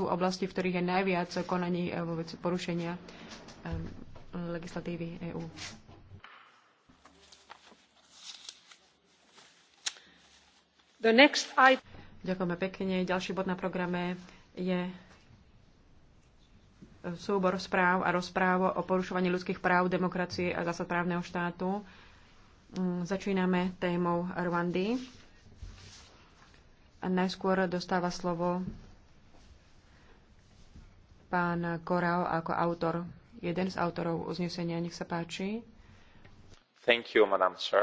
sú oblasti, v ktorých je najviac konaní vo eh, veci porušenia eh, legislatívy EÚ. I... Ďakujeme pekne. Ďalší bod na programe je eh, súbor správ a rozprávo o porušovaní ľudských práv, demokracie a zásad právneho štátu. Mm, začíname témou Rwandy. Najskôr dostáva slovo pán Korao ako autor, jeden z autorov uznesenia. Nech sa páči. Thank you, madam, sir.